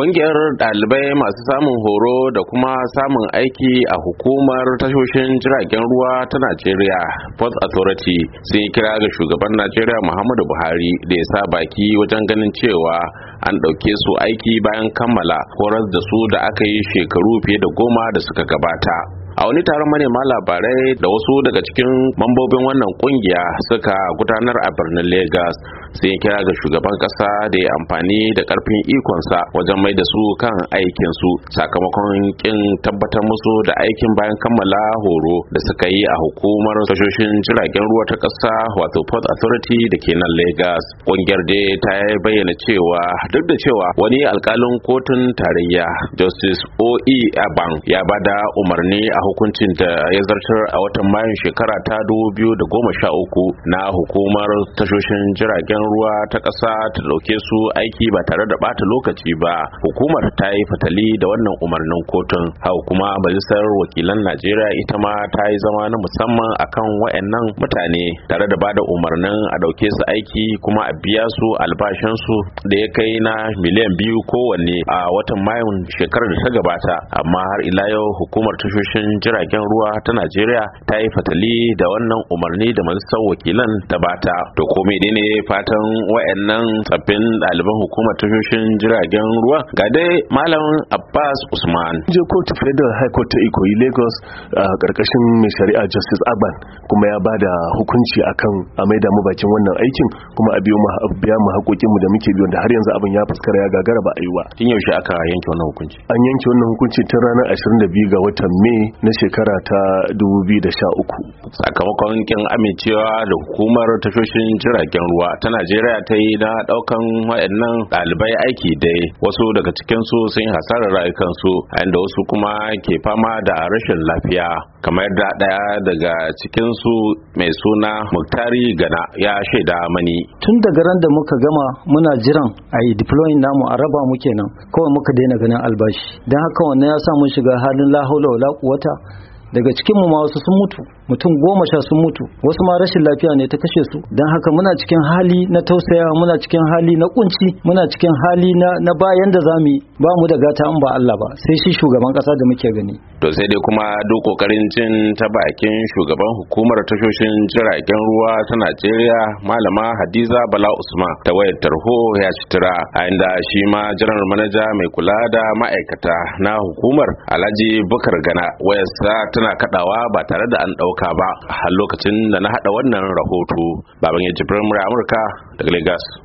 Ƙungiyar dalibai masu samun horo da kuma samun aiki a hukumar tashoshin jiragen ruwa ta Najeriya, Port Authority, sun yi kira ga shugaban Najeriya Muhammadu Buhari da ya sa baki wajen ganin cewa an ɗauke su aiki bayan kammala horar da su da aka yi shekaru fiye da goma da suka gabata. a wani taron manema labarai da wasu daga cikin mambobin wannan kungiya suka gudanar a birnin lagos sun kira ga shugaban kasa da ya amfani da karfin ikonsa wajen mai da su kan aikin su sakamakon kin tabbatar musu da aikin bayan kammala horo da suka yi a hukumar tashoshin jiragen ruwa ta kasa wato port authority da ke nan lagos kungiyar da ta bayyana cewa duk da cewa wani alkalin kotun tarayya justice oe aban ya bada umarni a hukuncin da ya zartar a watan mayun shekara ta da goma sha uku na hukumar tashoshin jiragen ruwa ta ƙasa ta ɗauke su aiki ba tare da bata lokaci ba hukumar ta yi fatali da wannan umarnin kotun hau kuma majalisar wakilan najeriya ita ma ta yi zama na musamman akan wayannan mutane tare da bada umarnin a ɗauke su aiki kuma a biya su albashinsu da ya kai na miliyan biyu kowanne a watan mayun shekarar da ta gabata amma har ila yau hukumar tashoshin jiragen ruwa ta Najeriya ta yi fatali da wannan umarni da majalisar wakilan ta bata to dai ne fatan wayannan tsaffin ɗaliban hukumar tashoshin jiragen ruwa ga dai malam Abbas Usman je kotu Federal High Court ta Ikoyi Lagos a karkashin mai shari'a Justice Aban kuma ya bada hukunci akan a maida mu bakin wannan aikin kuma a biyo mu biya mu haƙoƙin mu da muke biyo da har yanzu abin ya fuskara ya gagara ba a yi wa tun yaushe aka yanke wannan hukunci an yanke wannan hukunci tun ranar 22 ga watan Mai na shekara ta 2013 sakamakon kin amincewa da hukumar tashoshin jiragen ruwa ta najeriya ta yi na daukan waɗannan ɗalibai aiki dai wasu daga cikinsu sun yi hasarar rayukansu inda wasu kuma ke fama da rashin lafiya kamar yadda ɗaya daga cikinsu mai suna muktari gana ya shaida mani tun daga ran da muka gama muna jiran a yi deploying namu a raba mu kenan kawai muka daina ganin albashi don haka wannan ya sa mun shiga halin lahaula wata? wala daga cikinmu ma wasu sun mutu mutum goma sha sun mutu wasu ma rashin lafiya ne ta kashe su don haka muna cikin hali na tausaya muna cikin hali na kunci muna cikin hali na bayan da zamu ba mu da gata an ba Allah ba sai shi shugaban kasa da muke gani to sai dai kuma duk kokarin jin ta bakin shugaban hukumar tashoshin jiragen ruwa ta Najeriya malama Hadiza Bala Usman ta wayar tarho ya citira a inda shi ma general manaja mai kula da ma'aikata na hukumar Alhaji Bukar Gana wayarsa tana kadawa ba tare da an dauka amurka ba har lokacin da na hada wannan rahoto baban ya jibrin amurka daga lagos